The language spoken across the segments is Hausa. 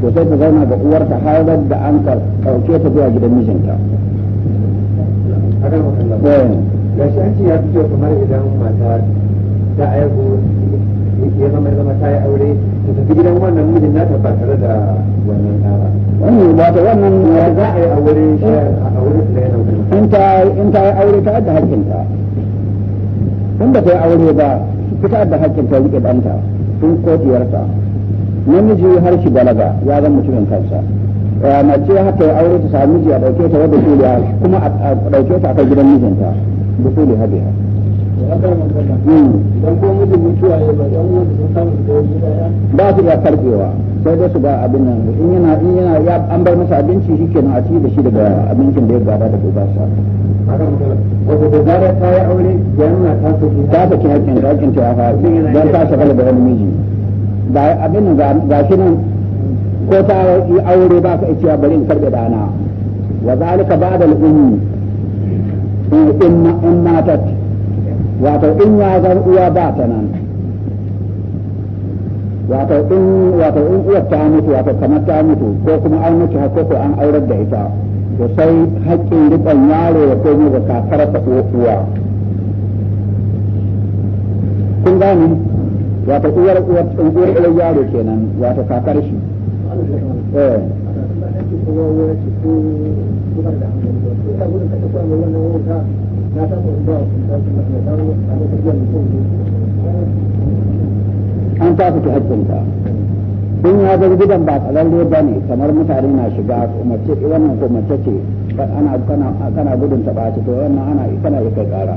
to sai ta zauna ga uwarta har da an ɗauke ta zuwa gidan mijinta. Eh. Gashi an ce ya fito kamar idan ta aihu ya zama ta yi aure ta tafi gidan wannan mijin nata ba da wannan ɗara. ba ta wannan ya za a yi aure shi su ta yi aure ta ta yi aure ta adda hakkinta ɗanta tun kotiyarta. namiji har shi balaga ya zan mutumin kansa eh, mace haka ya aure ta sami miji a dauke ta wadda su da kuma a dauke ta akan gidan mijinta da su da haɗe ha. Hmm. ba su da karfewa sai dai su ba abin nan in yana in yana ya an bar masa abinci shi kenan a ci da shi daga abincin da ya gada da ba sa da zarar ta yi aure ya nuna ta saki ta saki hakkin ta ta ya fa don ta shagala da wani miji ga abin ga shi nan ko ta yi aure ba ka cewa bari in karbe dana wa zalika ba'da al-ummi in in matat wato in ya zan uwa ba ta nan wato in wato in uwa ta mutu wato kamar ta mutu ko kuma an mutu har ko an aurar da ita to sai haƙƙin riƙon yaro ya komo ga kakar ta uwa kun gane wata uwar uwar uwar uwar yaro kenan wata kakar shi eh an ta fi hakkinta in ya zai gidan ba tsalalle ba ne kamar mutane na shiga mace wannan ko mace ce ana kana gudun ta ba to wannan ana kana yi kai kara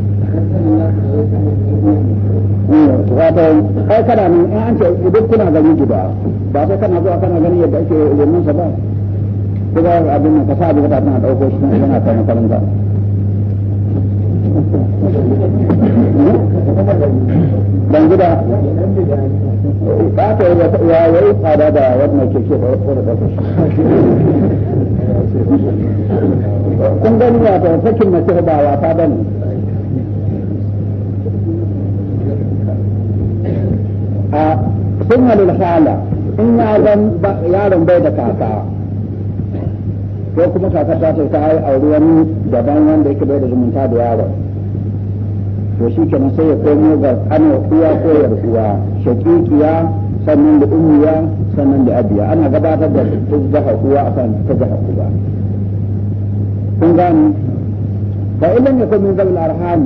wato ai kana nan in an ce idan kuna gani guda ba sai kana zuwa kana gani yadda ake lemun sa ba ko ba abin nan ka sa abin da tana dauko shi yana kai makaranta ban gida ba ta ya yayi tsada da wannan keke ba ko da dauko kun gani wato sakin na sirbawa ta bane a sun halil hala in yaron bai da kaka ko kuma kaka ta ce ta yi aure wani daban wanda yake bai da zumunta da yaron to shi kenan sai ya komo ga ana uwa ko yarkuwa shakikiya sannan da ummiya sannan da abiya ana gabatar da ta jaha a kan ta jaha kun gani فإن لم يكن من ذوي الأرحام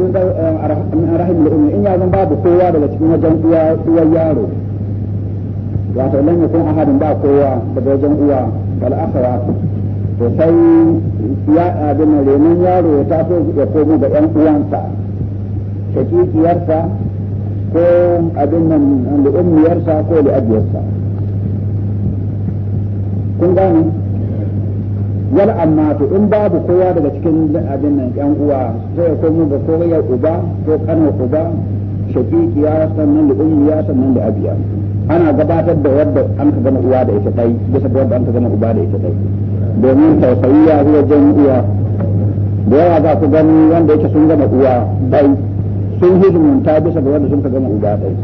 من ذوي cikin wajen uwa yaro wato lam yakun ba kowa daga wajen uwa wal to sai ya abin yaro ya taso ya komo ga ƴan uwansa shakikiyarsa ko abin ko da ajiyarsa wal amma to in babu kowa daga cikin abin nan yan uwa sai ya komo ga kowa ya uba ko kana uba ya sannan da ya sannan da abiya ana gabatar da wadda an ka gama uwa da ita kai bisa ga wadda an ka gama uba da ita dai domin tausayiya ya zuwa jan uwa da yawa za ku gani wanda yake sun gama uwa dai sun hidimunta bisa ga wanda sun ka gama uba dai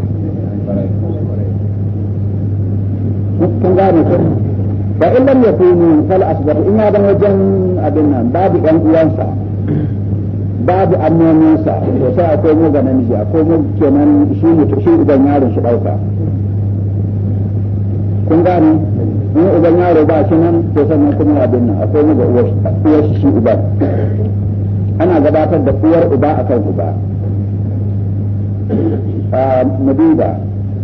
kun gane fa in lam yakunu fal asbab inna da wajen abin nan babu ɗan uwansa babu annoninsa to sai akwai mu ga namiji akwai mu kenan shi ne shi idan yaron shi dauka kun gane in uban yaro ba shi nan to sannan kuma abin nan akwai mu ga uwar shi shi uban ana gabatar da uwar uba akan uba a ah, mudiba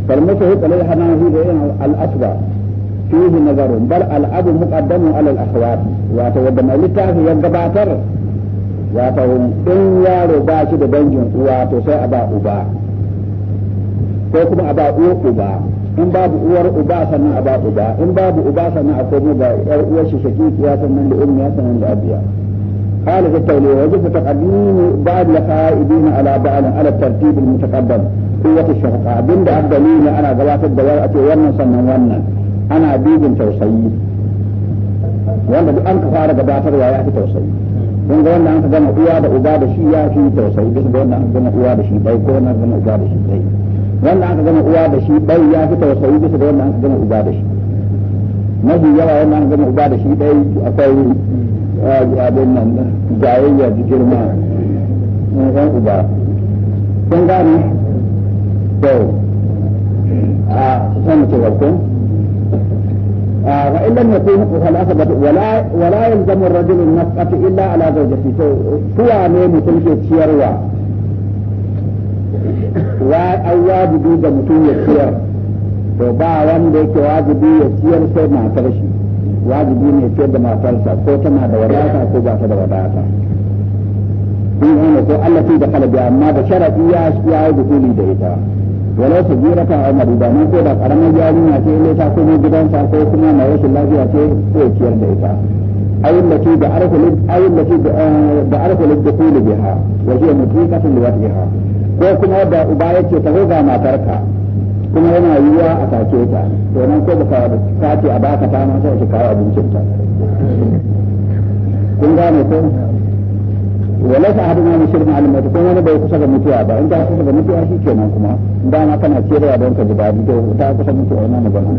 kalmasa hukalai hana hu da yin al'asba فيه نظر بل الأب مقدم على الأخوات واتو دم لتاه يقباتر واتو إن يارو باشد بنجن واتو سي أبا أبا كوكما أبا أو أبا إن باب أور أبا سنة أبا أبا إن باب أبا سنة sannan أبا komo شكيك يا سنة لأمي يا سنة لأبيا قال في التوليه وجب تقديم بعض لقائدين على بعض على الترتيب المتقدم قوة الشفقة بند الدليل أنا غلاف الدوار أتي ورنا سنة ورنا ana dubin tausayi wanda duk an ka fara gabatarwa ya fi tausayi kun ga wanda an ka gama uwa da uba da shi ya fi tausayi bisa ga wanda an ka gama uwa da shi bai ko wanda an ka gama uba da shi bai wanda an ka gama uwa da shi bai ya fi tausayi bisa ga wanda an ka gama uba da shi mafi yawa wanda an gama uba da shi bai akwai eh, abin nan jayayya da girma ɗan uba kun gane to a san ce آه وإن لم يكن ولا ولا يلزم الرجل النفقة إلا على زوجته سوى من مثل الشيروة وأواد بيد مثل الشير فباع وند كواد بيد الشير سوى ما ترش واد بيد الشير ما ترش كوتا ما دوراتا كوبا كدا وداتا في دخل بيا ما بشرت إياه إياه دخولي دهيتا wala su jira kan al'amari da ko da karamar yarinya ce ne ta kuma gidansa ko kuma mai rashin lafiya ce ko ciyar da ita ayin da ke da arkulin ayin da ke eh, da arkulin da kulu biha wa hiya mutiqatun liwatiha ko kuma da uba yace taho ga matarka kuma yana yiwa a take ta to nan ko baka ce a baka ta ma sai ki kawo abincin ta kun gane ko wala sa hadu na mushrikin al-maut ko wani bai kusa ga mutuwa ba in ta kusa ga mutuwa shi kenan kuma dama kana cewa don ka ji daɗi to ta kusa mutu a wannan magana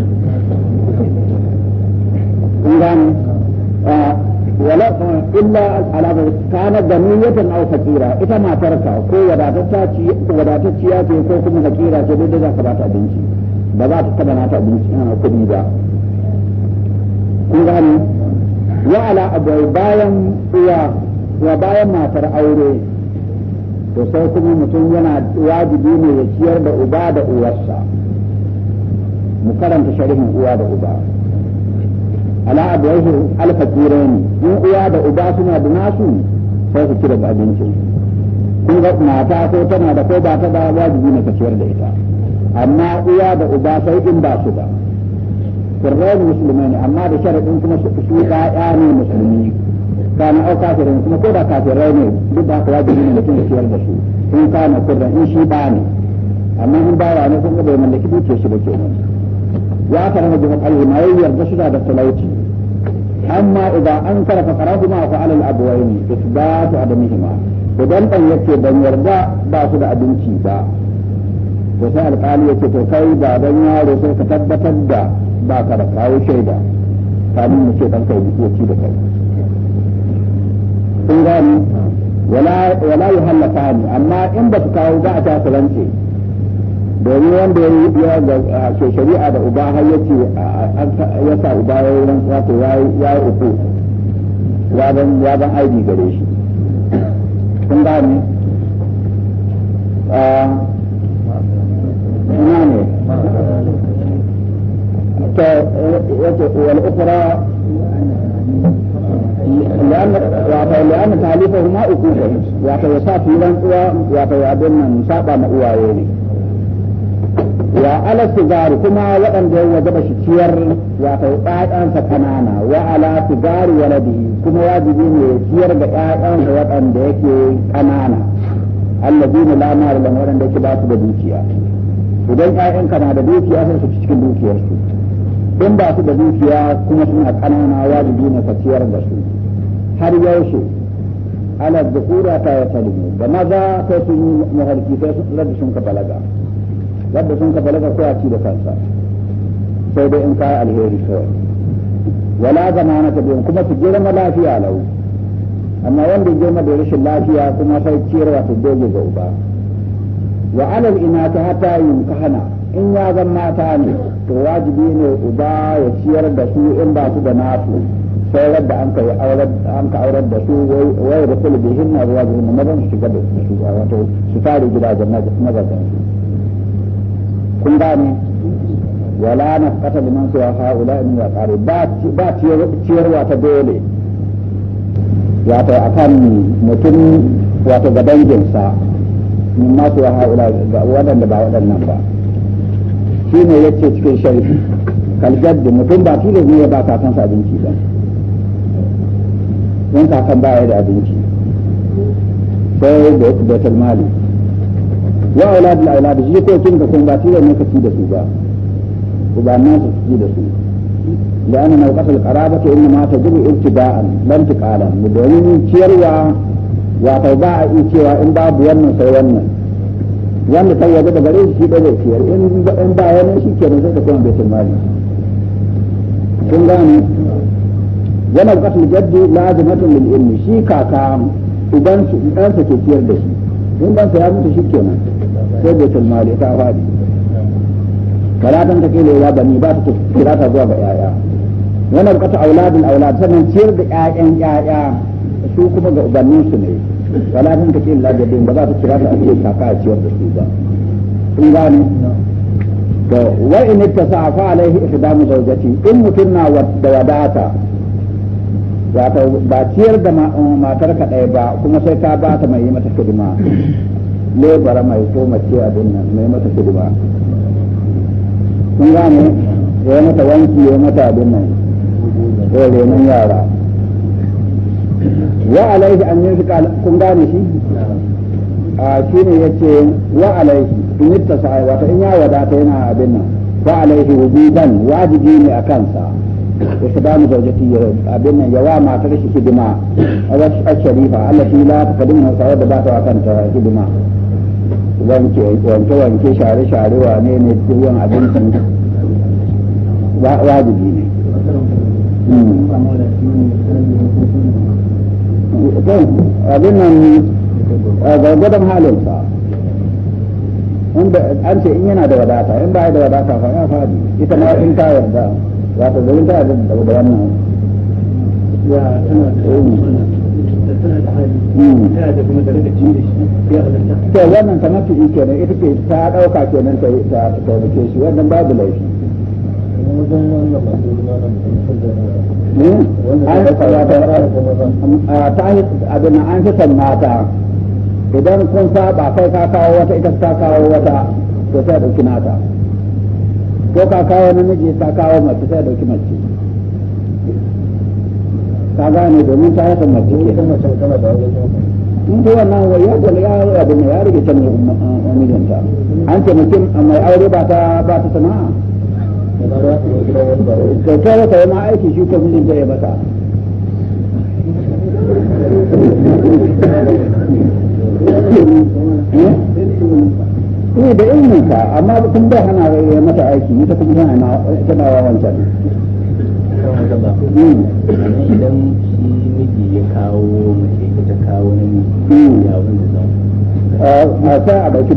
in gane wala illa alaba kana ganiyatan auka fakira ita matarka ko wadatacciya ce ko kuma fakira ce dai za ka bata abinci ba za ta taba ta abinci kuɗi ba kun gane wa ala abai bayan uwa wa bayan matar aure to sai kuma mutum yana wajibi ne ya ciyar da uba da uwarsa mu karanta sharihin uwa da uba ala abuwaihi alfakirai ne in uwa da uba suna da nasu sai su cire daga abincin kun ga mata ko tana da ko ba ta da wajibi ne ka ciyar da ita amma uwa da uba sai in ba su ba kurrai musulmai ne amma da sharadin kuma su ɗaya ne musulmi kana au kafirin kuma ko da kafirai ne duk da haka wajibi ne mutum ya ciyar da su in kana kurban in shi ba ne amma in bawa ne kun ga bai mallaki dukiyar shi ba kenan ya karama jama'a alima yayyar da suna da talauci amma idan an kara fakarahu ma fa alal abwayn isbatu adamihima idan dan yake ban yarda ba su da abinci ba to sai alƙali yake to kai ba dan yaro sai ka tabbatar da ba ka da kawo shaida kamin mu ce dan kai ya ci da kai sun gani wala yi hallaka ni amma in ba su kawo za a ta su rance domin wanda ya yi ga shari'a da uba har ya ce ya sa uba ya yi rantsuwa to ya yi uku ya ban aibi gare shi sun gani ina ne ta yace wal لأن تعليفهما أقوبة وتوسع في لنقوى وتوعدن ساقا مأوايه wa ala sigari kuma waɗanda ya wajaba shi ciyar wato ƴaƴansa kanana wa ala sigari waladihi kuma wajibi ne ya ciyar da ƴaƴansa waɗanda yake kanana allazina la mara lam waɗanda yake ba su da dukiya idan ƴaƴanka na da dukiya sai su ci cikin dukiyarsu in ba su da dukiya kuma suna kanana wajibi ne ka ciyar da su har yaushe ala dhukura ta ya talibu da maza sai sun yi muharki sai sun rabbi sun ka balaga rabbi sun ka balaga ko a ci da kansa sai dai in ka alheri kawai wala zamana ta biyan kuma su girma lafiya lau amma wanda ya girma da rashin lafiya kuma sai ciyarwa ta doge ga uba wa alal ina ta hata yin kahana in ya zan mata ne to wajibi ne uba ya ciyar da su in ba su da nasu sauran da an ka aurar da su wai da kulu bihin na zuwa na mazan su shiga da su wato su tare gidajen mazajen su kun gane wala na da liman su ya ha'ula in ya tsare ba ciyarwa ta dole wato akan mutum wato ga danginsa min su ya ha'ula ga waɗanda ba waɗannan ba shi ne ya ce cikin sharifi da mutum ba tilas ne ya ba kakansa abinci ba in kakan baya da abinci sai da baitul mali wa shi aulad kin ka kun ba tilar ne ka ci da su ba na su ci da su ta نوقة القرابة إنما تجب ابتداء لا انتقالا domin ciyarwa wato ba a yi cewa in babu wannan sai wannan wanda ta waje da gare shi da zai ciyar in ba wannan shi ke da zai ta wani baitul mali kun gane wani ƙasar jaddi lazimatun lil ilmi shi kaka idan su ɗansa ke ciyar da shi in ɗansa ya mutu shi kenan sai bai mali ta faɗi karatan ta kila ya bani ba ta kira ta zuwa ga yaya wani ƙasar auladin aulad sannan ciyar da yayan yaya su kuma ga ubannin su ne karatan ta kila jaddin ba za ta kira ta ake kaka a ciyar da su ba in gane to wa in ittasa fa alaihi ihdamu zawjati in mutunna da wadata wato ba ciyar da um, matar ka ɗaya ba kuma sai ka ba ta mai yi mata hidima lebara mai so mace abin nan mai mata hidima kun gane ya mata wanki ya mata abin nan ko lemun yara wa alaihi an yi kun gane shi a shi ne ya ce wa alaihi in yi ta sa'ai wata in ya wadata yana abin nan wa alaihi wujudan wajibi ne a kansa وخدام زوجته أبن يوا ما ترش خدمة الشريفة التي لا تقدمها سواد بات وكانت خدمة wanke wanke wanke share share wa ne duwan abincin wajibi ne abin nan gargadon halinsa an ce in yana da wadata in ba da wadata fa ya fadi ita ma in ta yarda wato ta tana da da wannan ya tana da eh. da tana da hmm. kuma da da shi ya halatta to wannan kamar ki kenan ita ke ta dauka kenan ta ta shi wannan babu laifi abin an fi mata idan kun saba kai ka kawo wata ita ta kawo wata to sai ɗauki nata ko ka kawo namiji ka kawo mace sai dauki mace ka gane domin ta yasa mace ke in ko wannan ya gwada ya yi abu ne ya rage can mijinta an ce mutum mai aure ba ta ba ta sana'a to ta wata yi ma aiki shi ko mijinta ya bata Thank eh? you. ne eh, da ilmin ka amma kun bai hana ya mata aiki ta kuma tana tana wancan idan shi miji ya kawo mace ta kawo namiji hmm. ya wanda zan ah, a sa a mace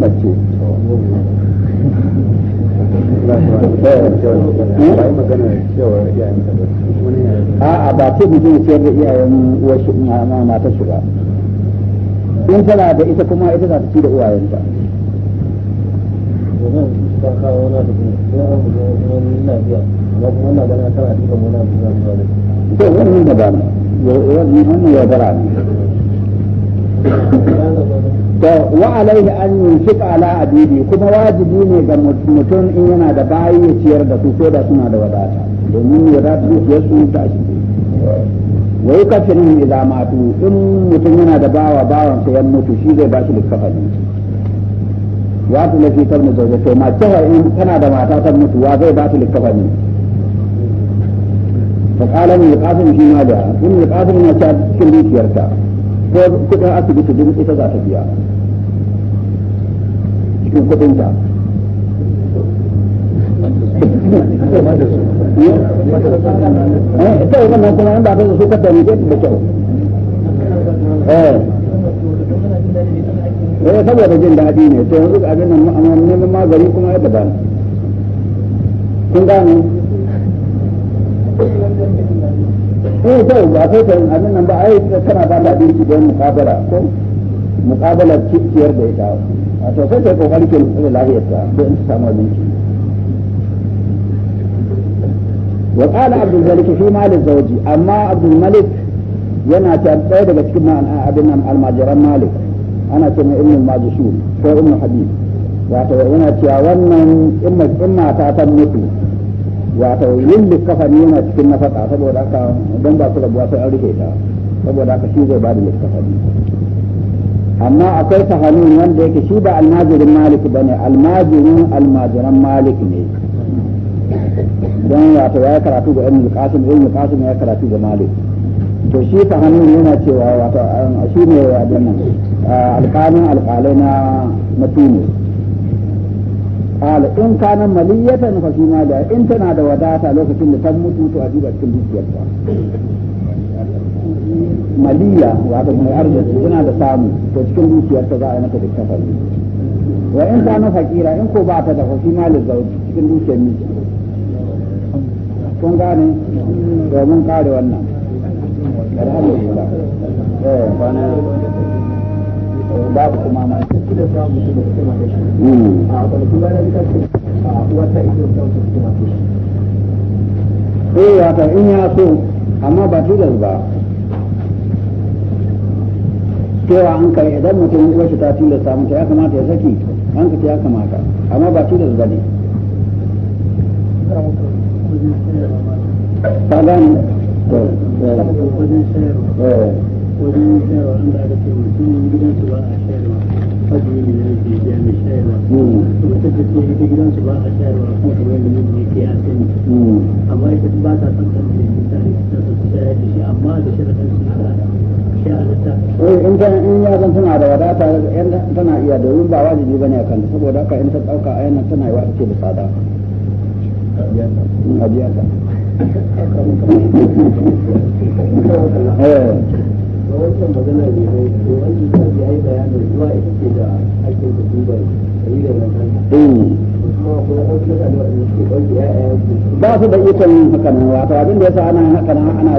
a'a ba ce mutum da iyayen matar shi ba in tana da ita kuma ita za ta ci da uwayenta ta kawo wani abu ne kuma to wa alaihi an yunfiq ala abidi kuma wajibi ne ga mutum in yana da bayi ya ciyar da su ko da suna da wadata domin wadata dukiyarsu ta shi wa yi kafirin matu in mutum yana da bawa bawansa ya mutu shi zai ba shi likafani ya tula fi kan zauje to ma in tana da mata ta mutuwa zai ba ta ne fa qala min qasim shi ma da in min qasim na ta cikin dukiyarta ko kudin asibiti din ita za ta biya cikin kudin ta eh sai wannan kuma an ba ta su ka da kyau eh. eh saboda jin daɗi ne to yanzu ga abin nan neman magani kuma ya daban kun gane eh to ba sai kan abin nan ba ai kana ba da dinki don mukabala ko mukabala ciyar da ita wato sai kai kokari ke da lafiyarta don ta samu abinci وقال عبد الملك في مال الزوج أما عبد yana ta ɗaya daga cikin abin nan almajiran malik ana ce mai ilmin majishur ko ilmin habib wato yana cewa wannan in mata ta mutu wato yin likkafani yana cikin nafaka saboda haka don ba su rabuwa sai an rufe ta saboda haka shi zai ba da likkafani amma akwai sahanun wanda yake shi ba almajirin malik ba ne almajirin almajiran malik ne don wato ya karatu ga ibn qasim ibn qasim ya karatu ga malik to shi fa hannun yana cewa wato um, shi ne wajen nan uh, alƙalin alƙalai na matuni ƙala in kana maliyatan fa shi ma da in tana da wadata lokacin da ta mutu to a duba cikin dukiyarta maliya wato mai arziki tana da samu to cikin dukiyarta za a yi mata da kafari wa in kana fakira in ko ba ta da fa fi ma da cikin dukiyar miji kun gane domin kare wannan babu da da da wata in ya so amma ba tilas ba cewa an kai idan mutum ya shi ta tilasta mutum ya kamata ya saki an ka ya kamata amma ba tilas ba ne ta gani wajen shayarwa wajen shayarwa an ba a shayarwa azumi ne da shayarwa ta ba a shayarwa kuma ke a amma ita ba son ne ta su shayar da shi amma da su ta in ta in ya zan tana da yan tana iya ba a kanta saboda haka ta dauka tana yi wa ake da tsada a biya ta wancan yi da ake ba su da ikon hakanan wato abin da yasa ana hakanan ana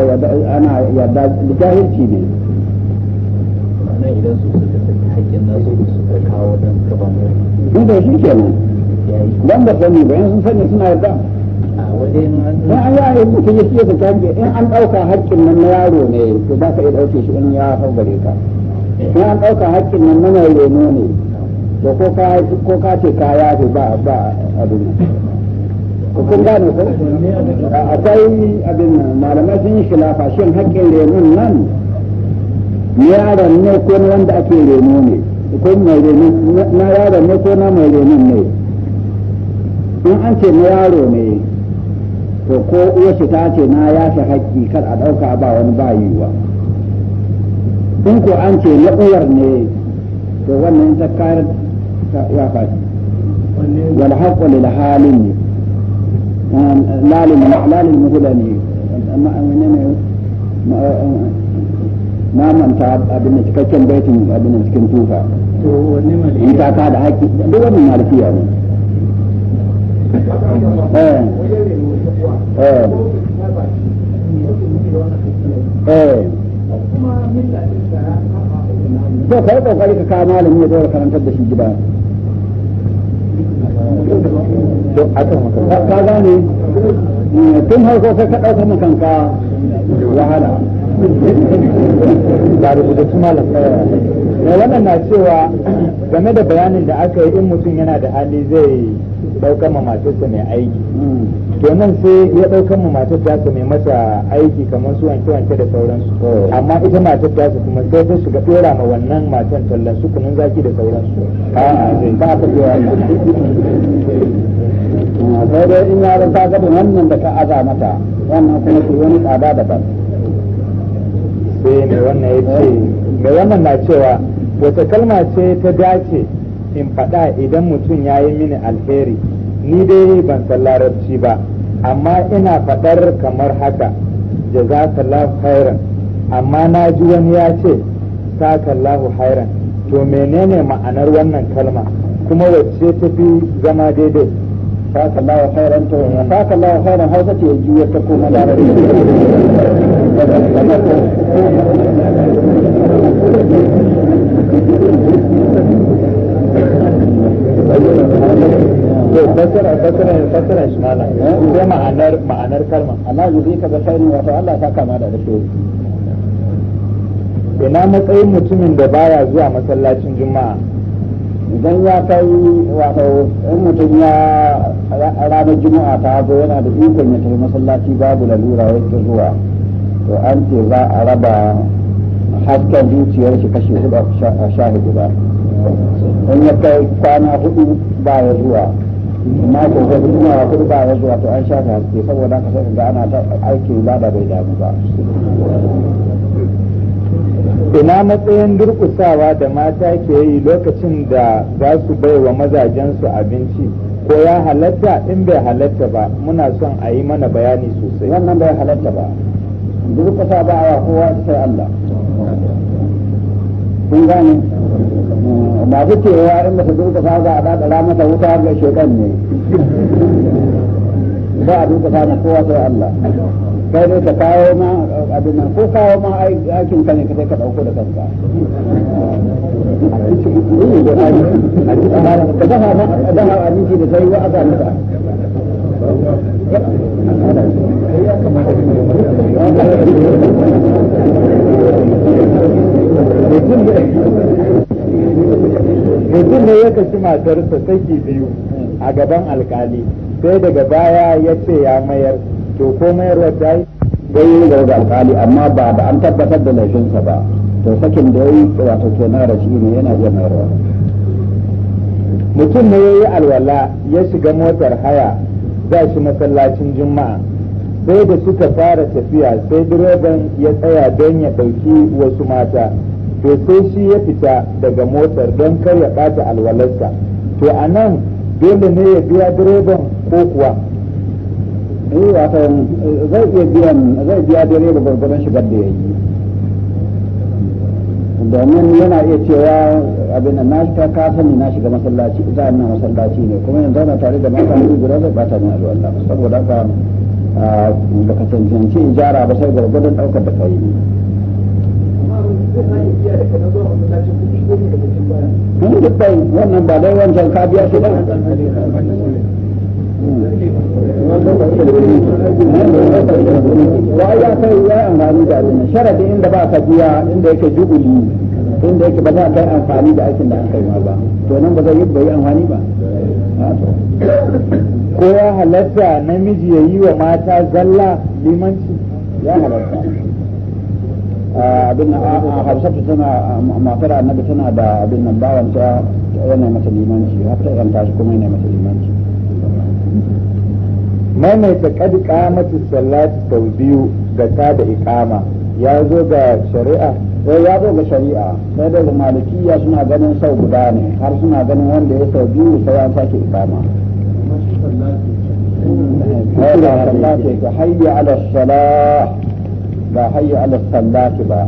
ana yarda da jahilci ne nan idan su suka saki suka kawo dan gaban shi kenan dan ba sani ba yan sun sani suna yarda ba a yare mutum ya ce ka canje in an ɗauka haƙƙin nan na yaro ne to za ka iya ɗauke shi in ya hau ka in an ɗauka haƙƙin nan na mai reno ne to ko ka ko ka ce ka yafe ba ba abin ko kun gane ko akwai abin nan malamai sun yi khilafa shin haƙƙin renon nan yaron ne ko na wanda ake reno ne ko mai reno na yaron ne ko na mai renon ne in an ce na yaro ne to ko uwarshi ta ce na yafe haƙƙi kar a ɗauka ba wani ba yiwa in ko an ce na uwar ne to wannan ta kare ta yafa wani haƙƙo ne da halin ne um, lalin lalil muhla ne amma ne na manta abin da cikakken baitin abin da cikin tufa in ta kada haƙƙi duk wannan malafiya ne to kai kokari ka kawo malami ya zo karantar da shi gida to ka gane tun har ko sai ka ɗaukar mu kanka wahala ba rubutattu malam wannan na cewa game da bayanin da aka yi in mutum yana da hali zai daukan ma matarsa mai aiki hmm. to nan sai ya daukan ma matar tasa mai masa aiki kamar su wanke wanke da sauransu oh. amma ita matar su kuma sai ta shiga dora ma wannan matan tallan su kunun zaki da sauransu a'a ba ka cewa hmm, sai dai in yaron ta gaba wannan da ka aza mata wannan kuma ke wani tsada daban sai mai wannan ya ce mai wannan na cewa wata kalma ce ta dace in faɗa idan mutum ya yi mini alheri ni dai ban san larabci ba amma ina faɗar kamar haka jazakallahu khairan amma na ji wani ya ce sakallahu khairan to menene ma'anar wannan kalma kuma wacce ta fi zama daidai sakallahu khairan to sakallahu khairan hausa ce juya ta koma larabci Thank you. to ina matsayin mutumin da baya zuwa masallacin juma'a idan ya kai wato in mutum ya ranar juma'a ta zo yana da ikon ya tafi masallaci babu lalura yake zuwa to an ce za a raba hasken zuciyar shi kashi hudu a sha guda in ya kai kwana hudu ba ya zuwa amma ko kuma wa kudu ba ya zuwa to an shafe haske saboda ka sai ga ana ta aiki ibada bai damu ba ina matsayin durkusawa da mata ke yi lokacin da za su bai wa mazajensu abinci ko ya halatta in bai halatta ba muna son a yi mana bayani sosai wannan bai halatta ba durkusa ba a kowa sai Allah kun gane ba su cewa in ba su durkusa za a dakala mata wuta ga shekan ne ba a durkusa na kowa sai Allah kai ne ka kawo ma abin nan ko kawo ma aikin ka ne ka sai ka dauko da kanka ka dafa ma dafa abinci da sai wa aka mata Thank you. mutum ne ya kashi matarsa saki biyu a gaban alkali sai daga baya ya ce ya mayar to ko mayarwar ta yi da yi daga alkali amma ba da an tabbatar da laifinsa ba to sakin da ya yi wato kenan shi ne yana iya mayarwa mutum ne ya yi alwala ya shiga motar haya za shi masallacin juma'a sai da suka fara tafiya sai direban ya tsaya don ya ɗauki wasu mata to sai shi ya fita daga motar don kar ya ɓata alwalarsa to a nan dole ne ya biya direban ko kuwa eh, zai iya biyan zai biya direban gwargwadon shigar da ya yi domin yana iya cewa abin da na ta kasa sani na shiga masallaci za na masallaci ne kuma yanzu na tare da mata ne guda zai bata min alwala saboda haka ah, baka cancanci ijara ba sai gwargwadon ɗaukar da kai kan da wannan ba dai wancan ka biya shi ba wa ya kai ya amfani da abin sharadi inda ba ka biya inda yake jubuli inda yake ba za ka yi amfani da aikin da an kai ma ba to nan ba zai yi bai amfani ba ko ya halatta namiji ya yi wa mata zalla limanci ya halatta Ah, abin a ah, ah, hafsatu tana matar annabi tana da abin nan bawan ta yana mata limanci har ta yanta shi kuma yana mata limanci maimaita kad qamati salati sau biyu da ta da ikama eh, ya zo ga shari'a sai ya zo ga shari'a sai da malikiya suna ganin sau guda ne har suna ganin wanda ya sau biyu sai ya sake iqama هذا صلاة حي ba hayya ala salati ba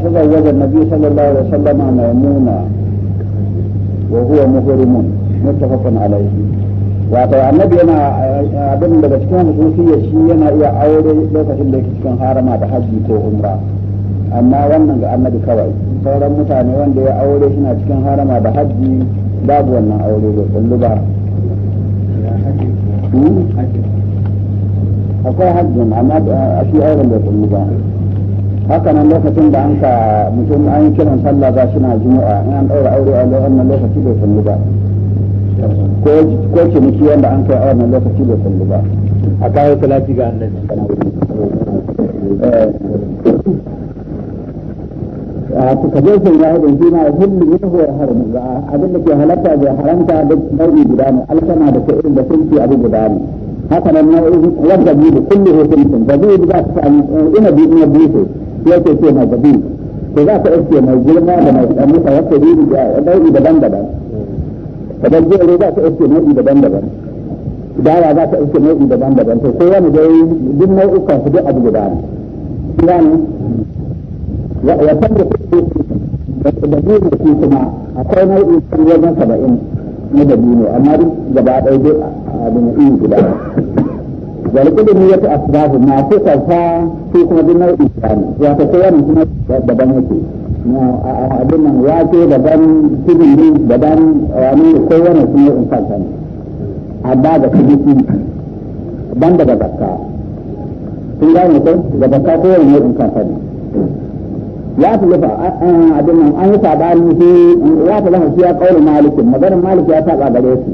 تزوج النبي صلى الله عليه وسلم ميمونة وهو مهرم متفق عليه wato annabi yana eh, abin daga cikin hususiyya shi yana iya aure lokacin da yake cikin harama da hajji ko umra amma wannan ga annabi kawai sauran mutane wanda ya aure suna cikin harama da hajji babu wannan aure da kullu ba hmm? akwai hajji amma a eh, shi auren da kullu ba haka nan lokacin da an ka mutum an yi kiran sallah ba suna juma'a in an ɗaura aure a wannan da kullu ba ko ce ciniki wanda an kai a wannan lokaci bai kullu ba a kawo salati ga annabi eh, a kuka je sun ya hudun shi ma hullu ya huwa haramu ba abin da ke halatta bai haramta da nau'i guda ne alkama da ta irin da sun abu guda ne haka nan nau'i wadda biyu da kullu hukuncin da biyu za su sami eh, ina biyu na biyu ya ce ce mai da ko za ka iske mai girma da mai tsamuka wata biyu da nau'i daban-daban kamar jere za ta iske nau'i daban-daban dawa za ta iske nau'i daban-daban to ko wani dai duk nau'ukan su duk abu guda ne yani ya wa da kuke da biyu da ke kuma akwai nau'i kan wajen saba'in na da biyu amma duk gaba ɗaya duk abu na iri guda wal kudin ya ta asbabu ma ko kafa ko kuma duk nau'i ne wato ko wani kuma daban yake abin nan ya ce daban tudun ne daban wani kowane sun yi infanta ne amma da kudiki ban da zakka sun gane ko da zakka kowane yi infanta ne ya fi lufa abin nan an yi sabani shi ya fi lufa shi ya kawo malikin maganin maliki ya saba gare su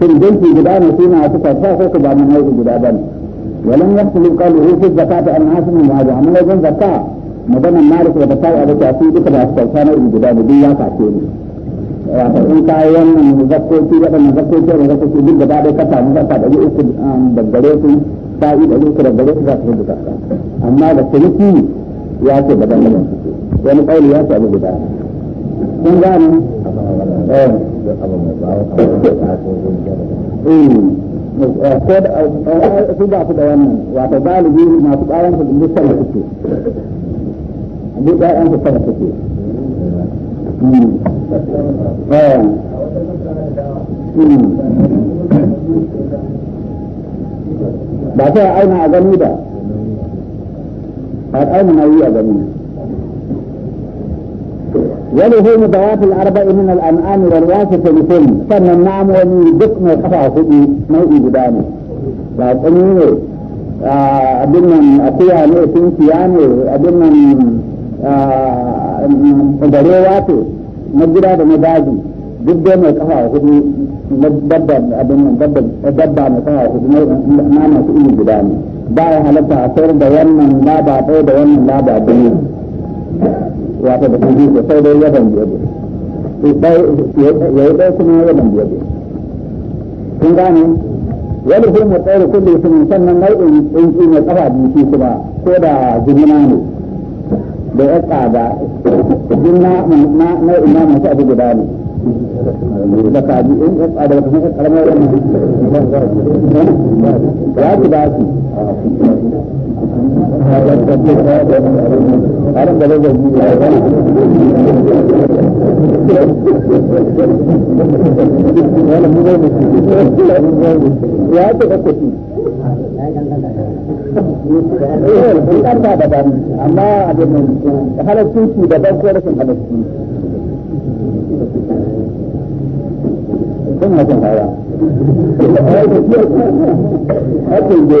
sun jinki guda ne suna su kwarfa ko su ba mun haihu guda ban walin walan yakhlu qawluhu fi zakati an hasmi ma ja'amna zakka maganar malik da ta yi a sun duka da su kyauta na irin guda biyu ya kace ne wato in ka yi wannan zakkoki waɗannan zakkoki da zakkoki duk gaba ɗaya ka samu zakka ɗari uku um, da gare su sa'i ɗari uku da gare su za su hudu amma da ciniki ya ce daban daban wani ƙauli ya ce guda kun gane eh. Eh, ko da eh, su ba su da wannan wato galibi masu ƙaran su duk duk ƴaƴan su tara suke hmm. Hmm. ba ta aina a gani ba a aina na yi a gani ولهم ذوات الأربع من الأنعام والواسطة لكل سنة النعم ومن دك ما قطع خدي نوعي بدانه لا تنينه abin nan akuya ne sun siya ne abin nan gare wato na gida da na daji duk da mai kafa hudu na dabba abin nan dabba mai kafa hudu na masu ilimin guda ne ba ya halatta a sayar da wannan laba ɗaya da wannan laba biyu wato da kuma da sai dai yaban biyu ya yi ɗaya kuma yaban biyu kun gane wani hulmar tsayar kulle sun sannan nau'in ɗinki mai kafa biyu kuma ko da jimina ne da ya tsada duk na na na ina masu abu guda ne da kaji in ya tsada wata sun karamar wani ya ci ba su aran da zai yi ya zai wala mu zai ne ya ta dako ta ake je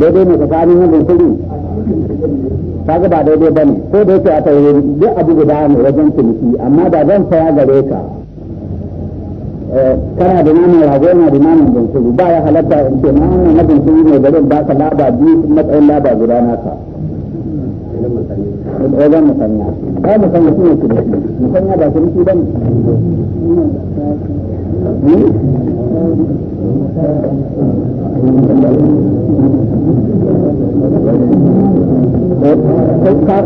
daidai ne tsakanin wannan kudi kaga ba daidai ba ne ko da yake a tare duk abu guda ne wajen ciniki amma da zan saya gare ka eh, kana da naman rago yana da naman bunsuru ba ya halatta in ce na wannan na bunsuru ne garin ba ka laba biyu matsayin laba guda naka wajen musanya ba musanya shi ne ciniki musanya ba ciniki ba ne hmm?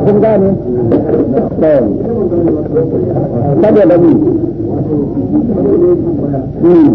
kun gane saboda da mu Hmm.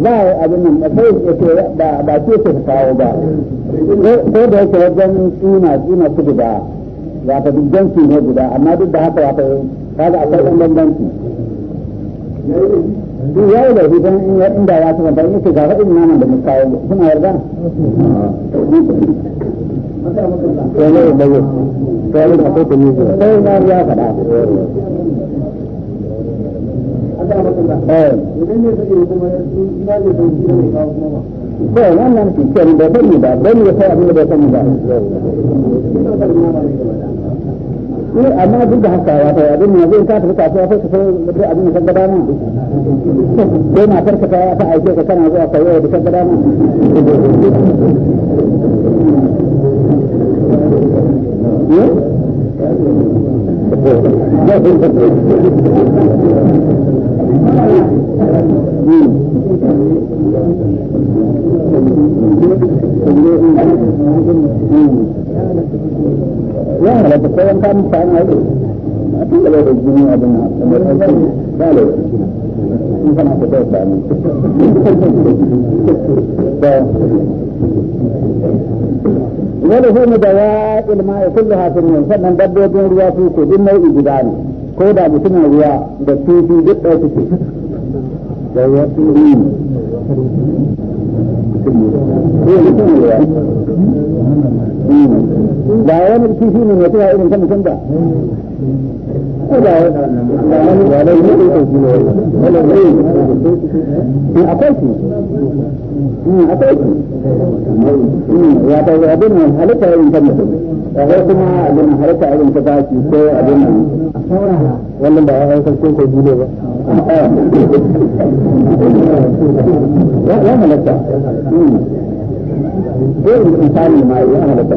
ba a abin nan ba ba ce ta kawo ba ko da yake wajen suna suna su guda wata dubbanci ne guda amma duk da haka wata kaga akwai ɗan bambanci duk ya yi laifi don inda ya su ban yake ga faɗin naman da muka kawo suna yarda sai na ya ba. ko wannan da ba don ya kai abin da bai ba ne amma duk da haka ya abin yanzu in ka tafi kasuwa sai ka da abin da dai ta aike ka kana zuwa kai da ka ne ya halatta ko wanka mutu an haɗe a tun dabbobin ruwa ne ko da ruwa da tufi duk ɗaya suke da ruwa hmm. tufi hmm. ba wani tufi ne mai tuwa irin ta mutum ba ko ba wani ko shi ne hmm, hmm, abin nan halitta irin ta mutum ko kuma abin nan halitta irin ta baki ko abin nan wannan ba ya sarkin ko dole ba ya halatta hmm. ko misali ma ya halatta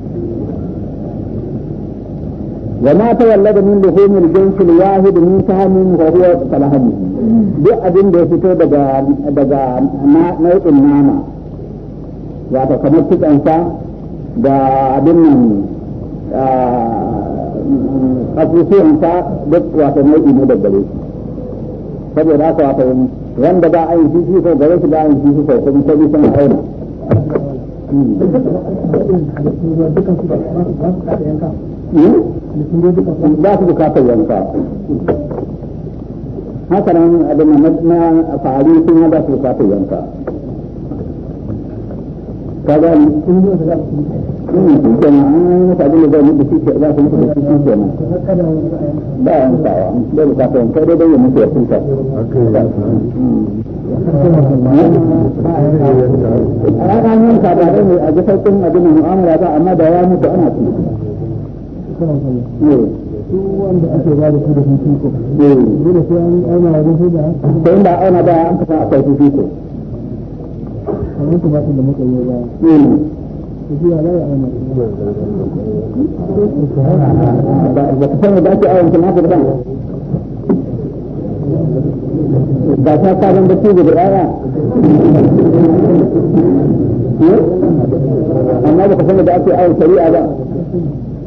وما تولد من لحوم الجنس الواحد من سهم وهو كلهم duk abin da ya fito daga nau'in nama wato kamar kitsansa da abin nan ƙasusuwansa duk wato nau'i ne daggare saboda haka wato wanda ba a yi shi shi ko gare shi ba a yi shi shi ko kuma ko bisan auna ba su bukatar yanka haka nan abin na na fari sun ba su bukatar yanka ka ga ni sun yi wata da su ne ne kuma ba ni da su ke ba su da su ke ba ba an ta ba da ka ta ka da da yi muke sun ta a ranar yin sabarai ne a jifarkin abin mutu ana kiran sallah eh. su wanda ake ba da su da fifiko eh. dole sai an auna wajen sai da sai inda auna ba an kasa akwai fifiko kamar ku ba da muka yi ba eh. ba ta sani da ake awon kuma haka ban ba ta sabon bacci da ya amma ba ka sani da ake awon shari'a ba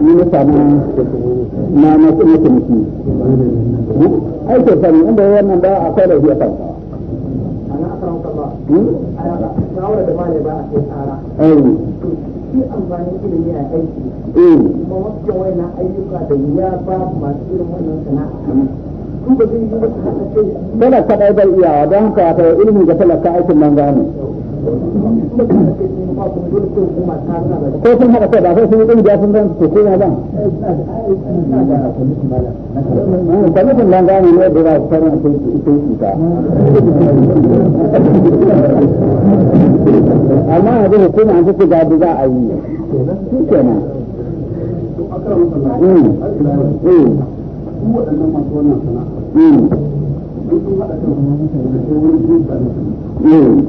ni na samu na na kuma komiti ai to sani inda yayin nan ba a akwai da biya kan ana fara kuma ba shawara da mali ba a kai tsara eh shi amfani ilimi a aiki eh kuma wasu wayan ayyuka da ya ba masu irin wannan sana'a Kana kaɗai bai iyawa don haka ta ilimin ga talaka aikin nan gane. ko sun haɗa kai ba sai sun yi ƙungiya sun zan su ko ya kwamitin langa ne ne da za su fara su su ta amma hukuma an gadi za a yi shi kenan waɗannan hmm. masu hmm. hmm.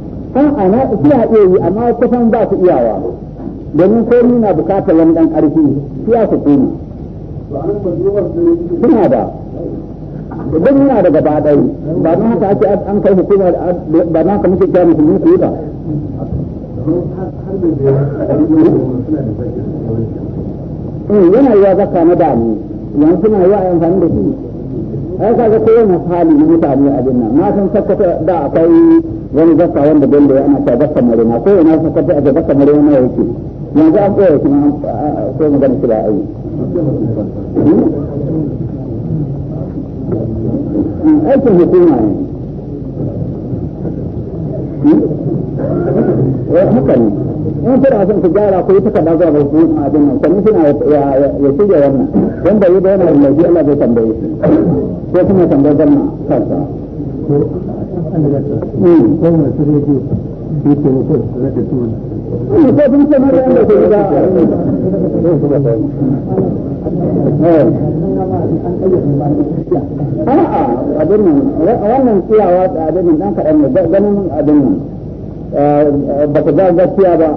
kan ana suna iya yi amma kusan ba su iyawa domin komi na bukatar wani dan ƙarfi ya su kuma. suna da don yana da gaba ba na haka ake an kai hukuma ba na haka muke kya su yi ba eh, yana yi wa zaka na dami yanzu na yi wa amfani da shi ai kaga kowane hali na mutane a jinna na san sakkwato da akwai wani zakka wanda dole ya ana ta zakka na ko yana sakkwato a zakka mare na yake yanzu an koya shi ko magana gani da ai ai aikin hukuma ne hmm? eh, haka ne in kuna sun su gyara ko yi takarda zuwa ga hukumar abin nan suna ya shirya wannan wanda yi bayan da laifi Allah zai tambaye su ko kuma tambayar zanna kansa. A'a abin nan wannan tsiyawa da abin nan ɗan kaɗan ne ganin abin nan Eh, ba ta ga gaskiya ba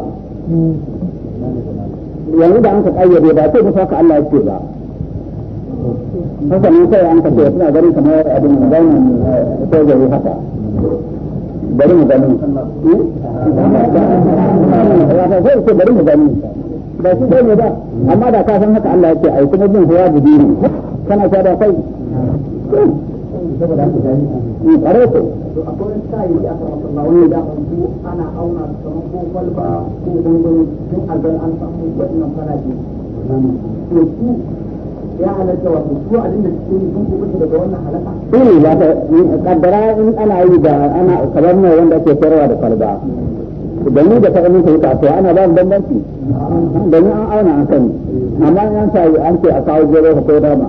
yanzu da an ka kayyade ba sai kusa ka Allah ce ba hasanin ne sai an ka ce suna ganin kamar abin da ne eh, sai gari haka bari mu gani ya ta bari mu gani ba shi dai ne ba amma da ka san haka Allah ya ce ai kuma jin huwa budiri kana ta da kai saboda haka in kware ko to akwai Allah da ana auna kamar ko ko tun an samu wannan to ya halatta su daga wannan halaka eh ba ta kaddara in ana yi da ana kamar wanda ake sayarwa da kwalba da ni da kaɗan kai kasuwa ana ba mu bambanci domin an auna an amma in an an ce a kawo gero ka dama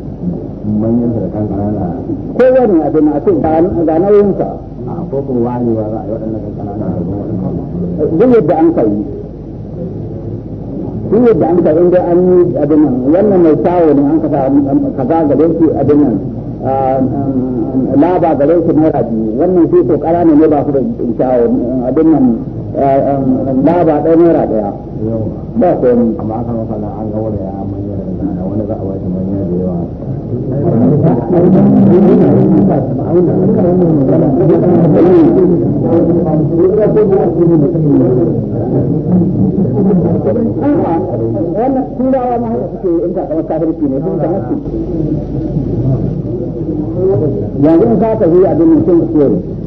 manyan kan kanana ko wani abu na ce ga nauyin sa ko ko wani wa waɗanda kan kanana yadda an kai yadda an kai inda an yi abin nan wannan mai tawo ne an kasa kaza gare shi abin nan laba gare shi biyu wannan to ne ba su da tawo abin nan ba ba ɗaya naira ɗaya ba ko ni amma aka maka na an ga ya manya da wani za a bashi manya da yawa ka kamar kafirci ne yanzu in ka tafi abin mutum ke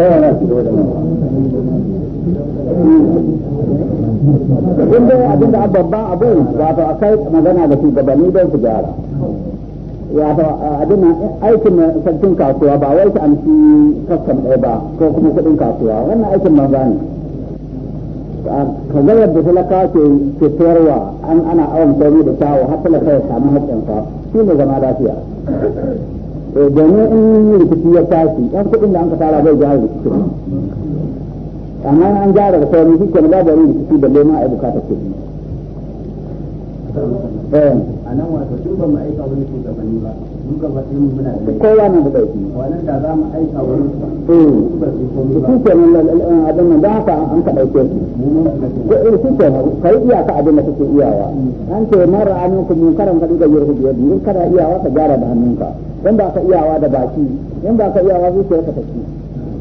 ta yana shi da wajen abin da babban abu wato a kai magana da shugabanni don su gyara wato abin aikin sarkin kasuwa ba wai ta amshi kaskam ɗaya ba ko kuma kuɗin kasuwa wannan aikin manza ne ka ga yadda talaka ke ke sayarwa an ana awon komai da kyawu har talaka ya samu haƙƙinsa shi ne zama lafiya Eh, domin in rikici ya tashi yan kuɗin da an ka tara bai gyara rikici amma an gyara da sauran shi labarin na babu rikici da lema a bukatar kuɗi eh. a nan wato duk ba mu aika wani shugabanni ba mun ga muna da kowa na da wannan da za mu aika wani eh. ba su ba su eh, eh, nan nan da haka an ka dauke ko su kai iya ka abin da kake iyawa mm. an ce mara aminkum munkaran ka duka yurku biyar in kana iyawa ka gyara da hannunka in ba ka iyawa da baki in ba ka iyawa ka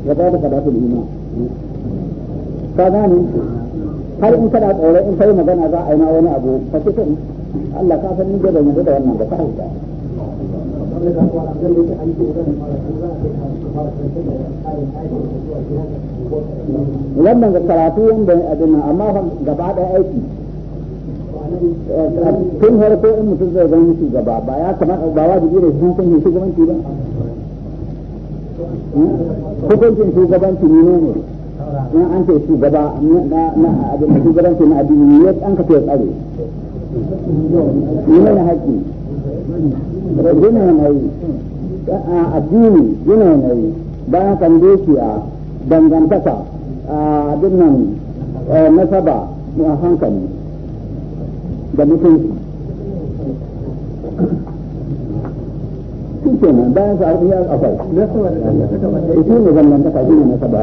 ya ba da ka gane har in kana tsoro in kai magana za a yi ma wani abu ka ce Allah ka san ni da ban da wannan ba kai da wannan ga karatu wanda abin nan amma gaba ɗaya aiki eh, tun ko in mutum zai gani shugaba ba ya kamata ba wajibi ne sun san shugabanci ba hmm? hukuncin shugabanci ne ne in an ce gaba na abin da shugabanci na abin ne an ka fiye tsare yana da haƙƙi yana yanayi addini yana yanayi bayan kan dangantaka a dinnan nasaba a hankali da mutunci shi bayan sa ya akwai ne shi ne nasaba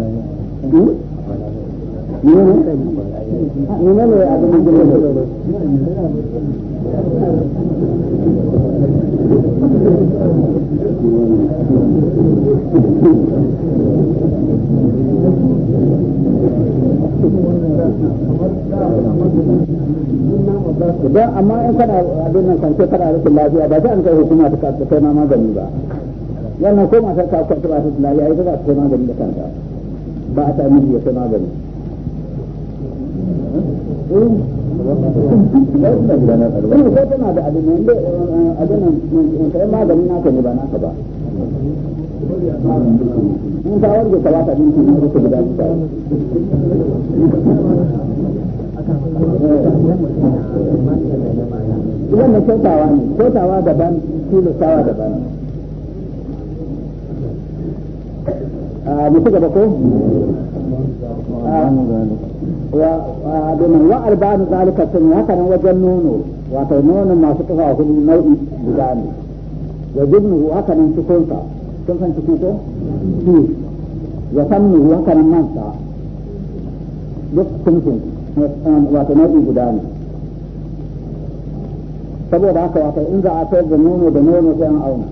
ne hmm? ne ne abin da gina don amma in kana abin nan kwance kana rashin lafiya ba za a kai hukuma ta kai ma magani ba wannan ko matar ka kwanta ba ta lafiya ita za ta kai magani da kanta ba a ta miji ya kai magani ko tana da abin nan abin nan magani naka ne ba naka ba in ka warge ka baka abinci na rufe guda biyu wannan kyautawa ne kyautawa daban tilastawa daban متجبكم ومن وأربعة ذلك السنة كان وجنون وتنون ما سقطه في النوع بداني وجبنه أكن سكونتا كم كان سكونتا؟ وسمنه أكن منسا duk sun sun wato nau'i guda ne saboda haka wato in za a sayar da nono da nono sai an auna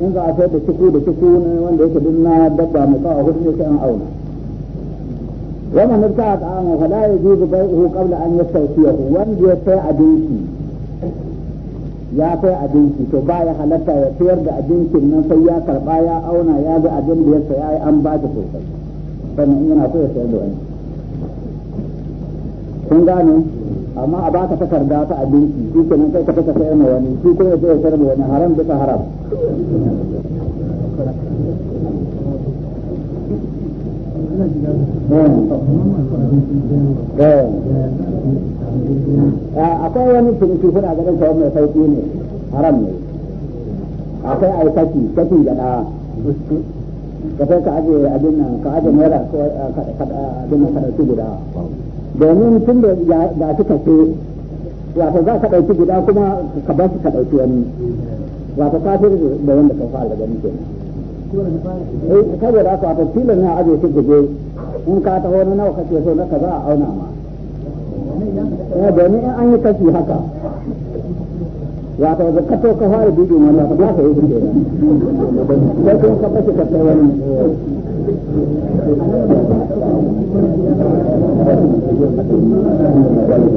in za a sayar da ciku da ciku ne wanda yake duk na dabba mai kawo hudu ne sai an auna wannan ta a ta'amu fa la yajuzu bai'uhu kabla an yastawsiyahu wanda ya sai abinci ya kai abinci to ba ya halatta ya sayar da abincin nan sai ya karba ya auna ya ga abin da ya saya an ba ta sosai sannan yana so ya sayar da wani kun gane amma a baka takarda ta abinci shi ke nan kai ka taka sayar ma wani shi kuma ya sayar ma wani haram duka haram eh, eh. Eh, akwai wani ciniki suna ganin kawai mai sauki ne haram ne akwai ai saki saki gada ka sai ka aje abin nan ka aje naira ka abin nan ka guda domin tun da ga su kashe wato za ka ɗauki guda kuma ka ba su ka ɗauki wani wato kafir da wanda ka fara daga mutum eh saboda haka wato filin na aje shi guje in ka taho na nawa kashe so na ka za a auna ma eh, domin in an yi kashi haka wato da ka to ka fara bidiyo wani wato ba ka yi bidiyo ba sai ka bashi ka wani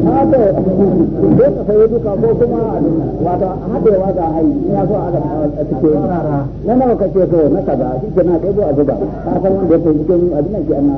haka ko ka sayi duka ko kuma za a yi a na nawa ka ce na kaza shi ke na kai zo a zuba ka san wanda ya kai abin ke an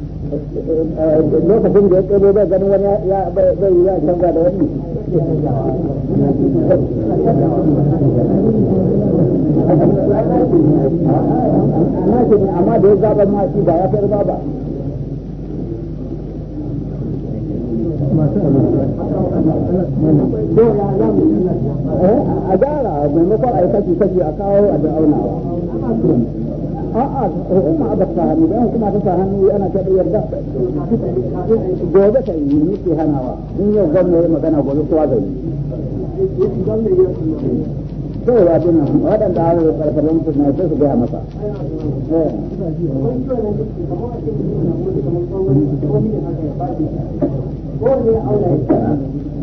lokacin da ya tsere bai ganin wani ya bai ya canza da wani amma da ya zaɓar masu ba ya fara ba eh, a gyara maimakon a yi kashi kashi a kawo aunawa a'a hukuma a bata hannu da hukuma ta hannu ana ta yarda gobe ta yi ni ke hanawa in yau gwamna magana gobe kowa zai yi ya dina waɗanda su na sai su gaya masa ko ne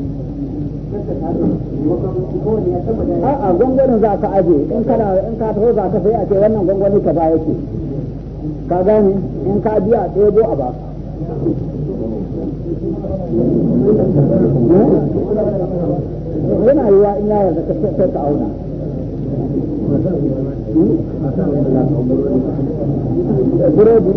a'a gwangwanin za ka aje in ka taho za ka sai a ce wannan gwangwani ka baya yake ka gani in ka biya ɗebo a ba eh? yana yiwa in ya yarda ka sai ka auna برودي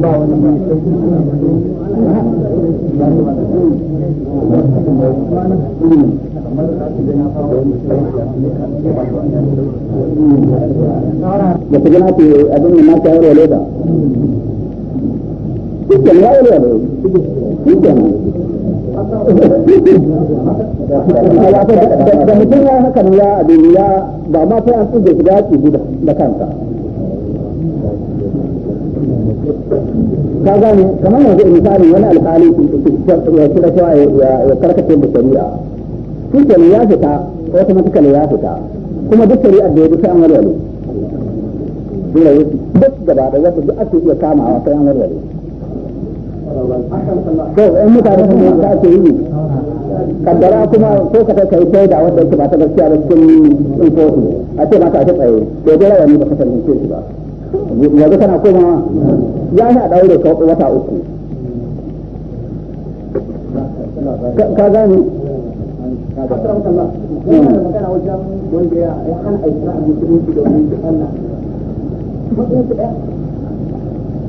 da su gina ce abin da mata yaro ne ba Dukkan ya aure ne. Dukkan. Da mutum ya haka ya abin ya ba ma sai an tsinge shi da yaki guda da kanka. Ka gane kamar yanzu misalin wani alƙali ya kira cewa ya karkace da shari'a. Dukkan ya fita ko kuma dukkan ya fita kuma duk shari'ar da ya bi sai an warware. duk gaba da wasu duk ake iya kamawa sai an warware. to in mutane sun yi ta ake yi kaddara kuma ko ka kai kai da wanda yake ba ta gaskiya ba cikin in kotu a ce mata a ta tsaye to dole wani ba ka tantance shi ba yanzu kana koma ya yi a daure ka wata uku ka gani magana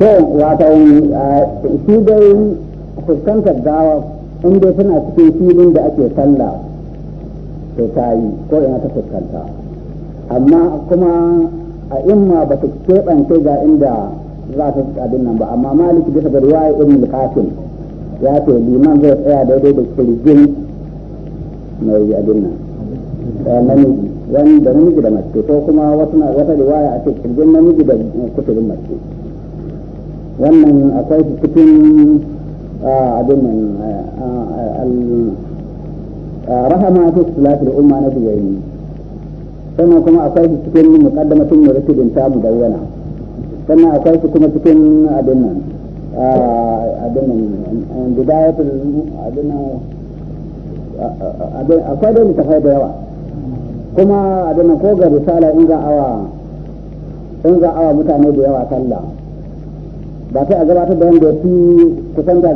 to wato shi dai fuskantar gawa in dai cikin filin da ake talla to ta yi ko ina ta fuskanta amma kuma a imma ba ta keɓance ga inda za ta abin nan ba amma maliki bisa ga riwaya irin al ya ce liman zai tsaya daidai da kirjin mai abin nan namiji da namiji da mace ko kuma wata riwaya a ce kirgin namiji da kusurin mace wannan akwai su cikin abin nan rahama ta salatu umma na biyayi sannan kuma akwai su cikin muqaddamatun murtidin ta mudawwana sannan akwai su kuma cikin abin nan abin nan bidayatul abin nan akwai da mutafai da yawa kuma abin nan ko ga risala in za awa in za awa mutane da yawa sallah ba sai a gabatar da wanda ya fi kusan da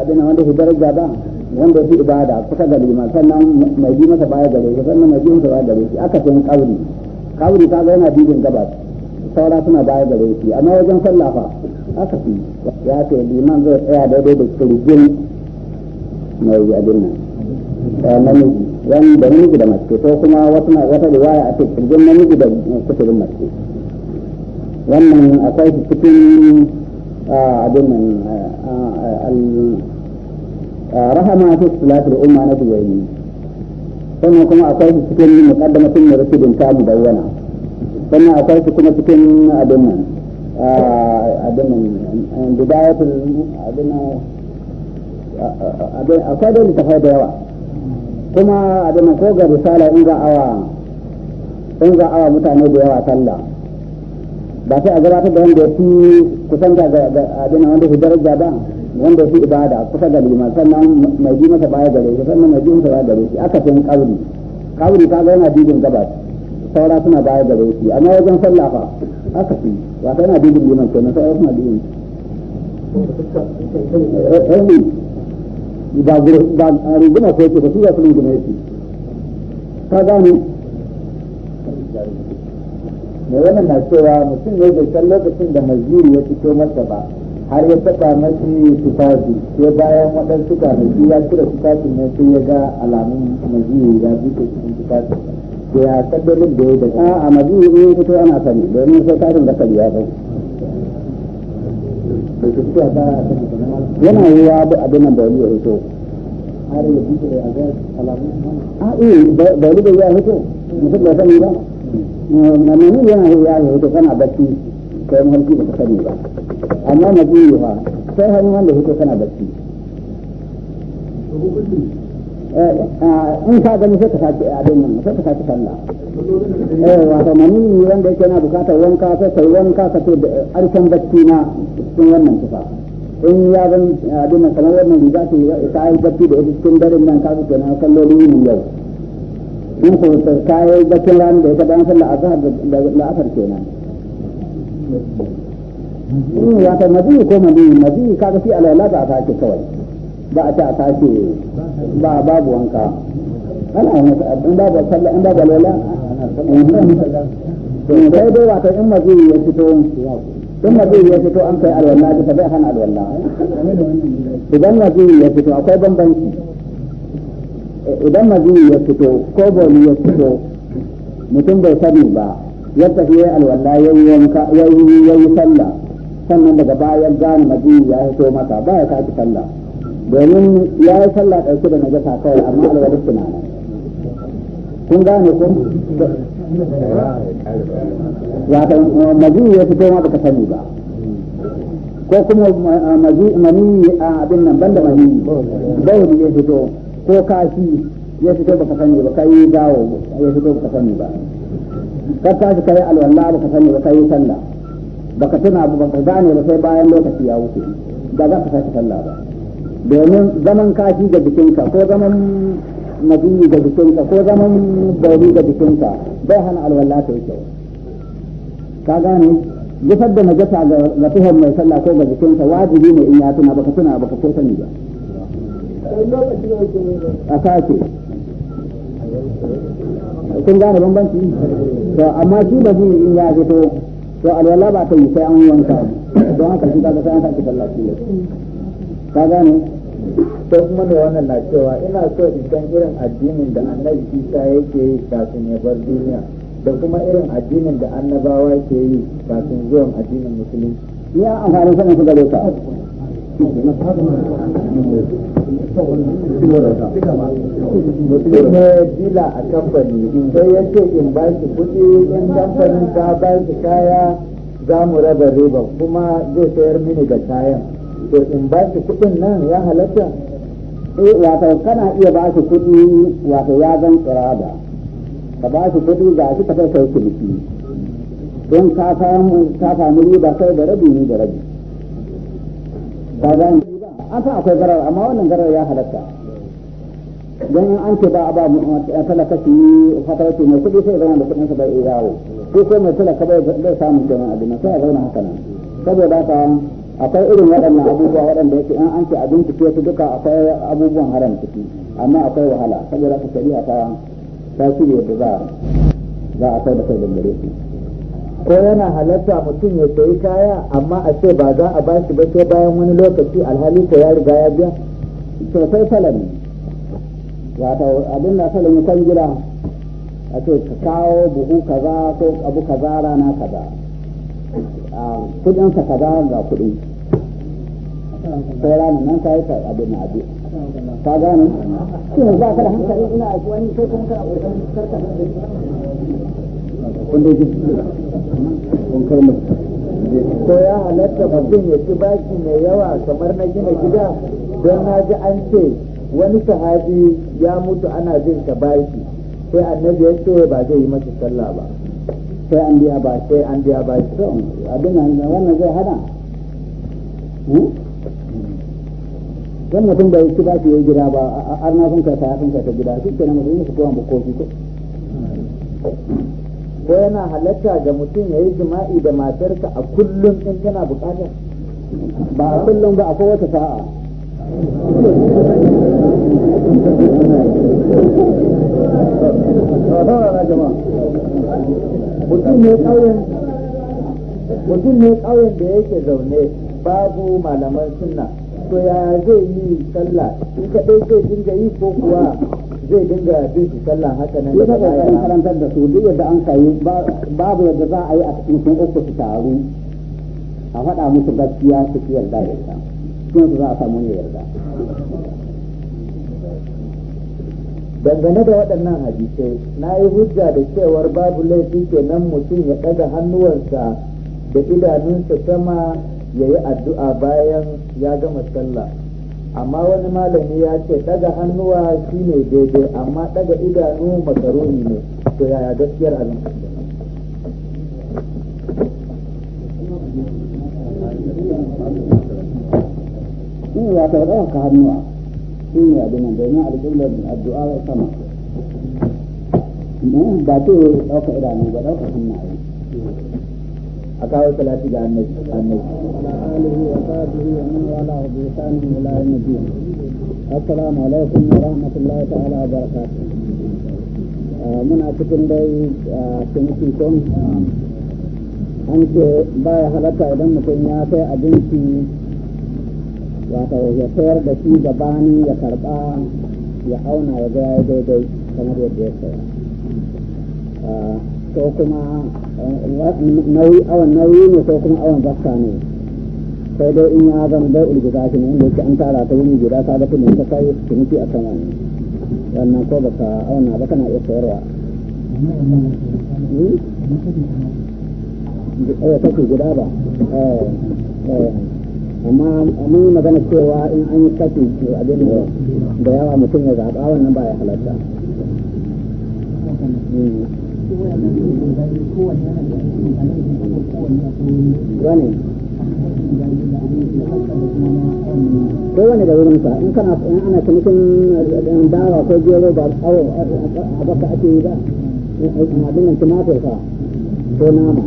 abin wanda ya daraja ba wanda ya fi ibada kusa da liman sannan mai bi masa baya gare shi sannan mai bi masa baya gare shi aka fi kauri kauri ta ga yana bibin gabas saura suna baya gare shi amma wajen sallafa aka fi ya ce liman zai tsaya daidai da kirgin mai abin nan eh, namiji wanda namiji da mace ko kuma wata na wata riwaya a ce kirjin namiji da kusurin mace wannan akwai cikin abin nan rahama ta salatul umma na duwayi sannan kuma akwai su cikin muqaddamatun mursidin ta mubayyana sannan akwai su kuma cikin abin nan abin nan bidayatul abin nan akwai da littafai da yawa kuma abin nan ko ga risala in za awa in za awa mutane da yawa sallah ba sai a gabatar da wanda ya fi kusan ga abin wanda ya fi daraja ba wanda ya fi ibada kusa ga liman sannan mai ji masa baya gare shi sannan mai ji masa baya gare shi aka fi kauri kauri ta ga yana dibin gabas saura suna baya gare shi amma wajen sallah fa aka fi sai yana dibin liman kenan saura suna dibin eh, eh, ba rigima ko ce ba su za su rigima yake ka gane mai wannan na cewa mutum ne bai san lokacin da mazuri ya fito masa ba har ya taɓa mashi tufafi sai bayan waɗansu kwanaki ya cire sai ya ga alamun ya buɗe cikin sai ya kaddarin da ya daga a ne fito ana sani domin sai tarin ya yana yi ya bi abin nan ya fito har ya buɗe a ga alamun eh, a bai ya fito mutum sani ba manini yana yi yawo da kana bacci kai mahalki ba ka sani ba amma biyu fa sai hannu wanda hito kana bacci eh, ah, in ka gani sai ka sake abin nan sai ka sake sallah eh wato manini wanda yake na bukatar wanka sai kai wanka ka ce arshen bacci na cikin wannan tufa in ya zan abin nan kamar wannan riga ce yi bacci da ita cikin nan ka ga kenan yau in ta kayi bakin ran da ka dan sallar azhar da la'afar kenan in ya ta mazi ko mazi mazi kaga fi alwala ba a sake kawai ba a ta a ba babu wanka ana yin da ba sallah in ba alwala eh, eh, sai dai ta in mazi ya fito in mazi ya fito an kai alwala ta bai hana alwala idan mazi ya fito akwai bambanci idan mazi ya fito ko boli ya fito mutum bai sani ba ya tafi ya alwala ya yi sallah sannan daga baya gane mazi ya fito maka ba ya kaki sallah domin ya yi sallah ɗauki da najasa kawai amma alwala suna nan kun gane ko wato mazi ya fito ma baka sani ba ko kuma a abin nan banda bai ne ya fito ko kashi ya fito baka sani ba kai dawo ya fito baka sani ba ka tashi kai alwala baka sani ba kai sallah baka tuna ba baka gane ba sai bayan lokaci ya wuce ba za ka tashi sallah ba domin zaman kashi ga jikinka ko zaman mabiyi ga jikinka ko zaman bauri ga jikinka bai hana alwala ta yi kyau ka gane gifar da najasa ga tuhon mai sallah ko ga jikinsa wajibi ne in ya tuna baka tuna baka ko sani ba a sake kun gane bambanci to amma shi ba zai in ya fito to alwala ba ta yi sai an wanka don haka shi kaga sai an sake sallah shi ka gane to kuma da wannan na cewa ina so in san irin addinin da annabi Isa yake yi kafin ya bar duniya da kuma irin addinin da annabawa ke yi kafin zuwan addinin musulunci ya amfani sanin su gare ka kuma dila a kamfani sai ya ce in ba shi kuɗi in kamfanin ta ba shi kaya za mu raba riba kuma zai sayar mini da kayan to in ba shi kuɗin nan ya halatta eh wato kana iya ba shi kuɗi wato ya zan tsirada ka ba shi kuɗi ga shi ka kai ciniki don ka samu riba sai da rabi ni da rabi ka an san akwai garar amma wannan garar ya halatta don an ce ba a ba a talaka shi yi fatarci mai kudi sai zama da kudin sa bai yawo ko ko mai talaka bai samun jama'a abin sai a zauna haka nan saboda haka akwai irin waɗannan abubuwa waɗanda yake in an ce a bincike su duka akwai abubuwan haram ciki amma akwai wahala saboda haka shari'a ta ta shirya da za a kai da kai da gare su ko yana halatta mutum ya sayi kaya amma a ce ba za a bashi ba sai bayan wani lokaci alhali ko ya riga ya biya sosai salami wato abin da salami kan gida a ce ka kawo buhu kaza ko abu kaza rana kaza a kudinsa kaza ga kudi sai ranar nan ka yi abin abin ka gane shi ne za ka da hankali ina wani sai kuma wajen ƙoƙarin da wanda yake to ya halatta mutum ya ci bashi mai yawa kamar na gina gida don na ji an ce wani sahabi ya mutu ana jin ka bashi sai annabi ya ce ba zai yi masa sallah ba sai an biya ba sai an biya ba to abin nan wannan zai hada dan mutum bai ci ba su yi gida ba arna sun kai ta sun kai ta gida duk kenan mutum ne su kowa ba kofi ko ko yana halatta ga mutum ya yi jima'i da matarka a kullum in tana bukata ba a kullum ba akwai wata sa'a mutum ne ƙauyen da yake zaune babu malaman sunna to ya zai yi sallah in kaɗai zai dinga yi ko kuwa zai dinga bin su sallah haka nan da ba an karantar da su duk yadda an kai babu yadda za a yi a cikin uku su taru a faɗa musu gaskiya su ki yarda da ita kuma su za a samu ne yarda dangane da waɗannan hadisai na yi hujja da cewar babu laifi kenan mutum ya ɗaga hannuwansa da idanunsa sama ya yi addu'a bayan ya gama sallah amma wani malami ya ce daga hannuwa shi ne daidai amma daga idanu makaroni ne to yaya gaskiyar abin shi ya kai ka hannuwa shi ne abin nan domin alƙiblar addu'a sama ba ce ɗauka idanu ba ɗauka hannuwa a kawo salati ga annabi annabi assalamu alaikum wa rahmatullahi ta'ala wa barakatuh ah, muna cikin dai ah, ciniki kun an ce baya halatta idan mutum ya kai abinci wata ya sayar da shi gabani ya karba ya auna ya ga daidai kamar yadda ya saya ah, ko kuma eh, nauyi awon nauyi ne ko kuma awon zakka ne sai dai in ya zama dai ulguza shi ne inda yake an tara ta wuri guda ka ga ne ta kai ciniki a sama ne wannan ko baka auna ba kana iya sayarwa hmm? eh guda ba eh, eh. amma mun magana cewa in an yi kashi abin da yawa mutum ya zaɓa wannan ba ya halatta hmm. kowane da wurin sa in kana in ana cinikin eh, dawa ko jero ba awo a baka ake yi ba eh, eh, abin nan tumatir fa ko nama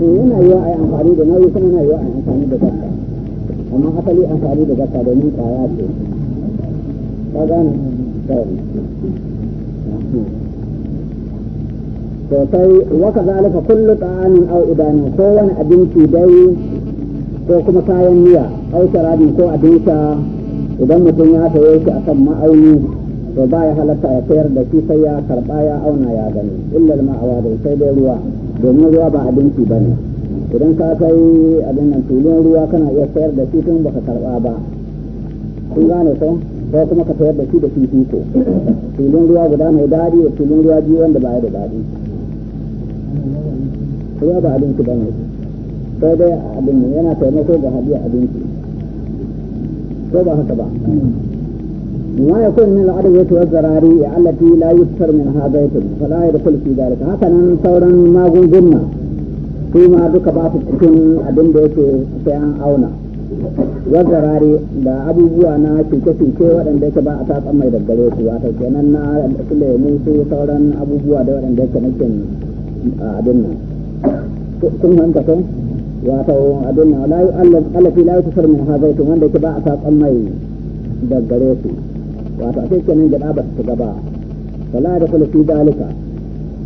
yana yiwa a yi amfani da nauyi kuma yana yiwa a yi amfani da zakka amma asali amfani da zakka domin kaya ce ka gane kawai to sai waka zalika kullu ta'amin aw idani ko wani abinci dai ko kuma kayan miya aw sharabin ko abinci idan mutum ya sayo shi akan ma'auni to ba ya halatta ya sayar da shi sai ya karba ya auna ya gani illal ma'awa da sai dai ruwa domin ruwa ba abinci bane idan ka kai abin nan tulun ruwa kana iya sayar da shi tun baka karba ba kun gane ko ko kuma ka tayar da shi da fifiko filin ruwa guda mai dadi da filin ruwa biyu wanda ba ya da daɗi ruwa ba abinci ba ne sai dai abin yana taimako ga hadiya abinci ko ba haka ba dalika haka nan sauran magungunna auna wazarare da abubuwa na cuce-cuce waɗanda yake ba a tatsan mai daggare su wata kenan na su lemu su sauran abubuwa da waɗanda yake a abin nan sun hanta kan wata abin nan layu alafi layu kusur min ha zaitun wanda yake ba a tatsan mai daggare su wata sai kenan gaba ba su gaba wala da kula fi dalika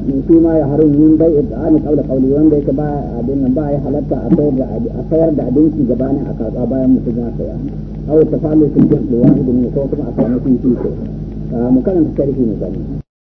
in ya haru yin bai ita a ni kawai kawai wanda yake ba abin nan ba ya halatta a sayar da a da abinci gabanin a kasa bayan mutum ya saya kawai ta falo su jan ɗuwa hudu ne ko kuma a samu sun ko a ah, mu karanta tarihi ne zani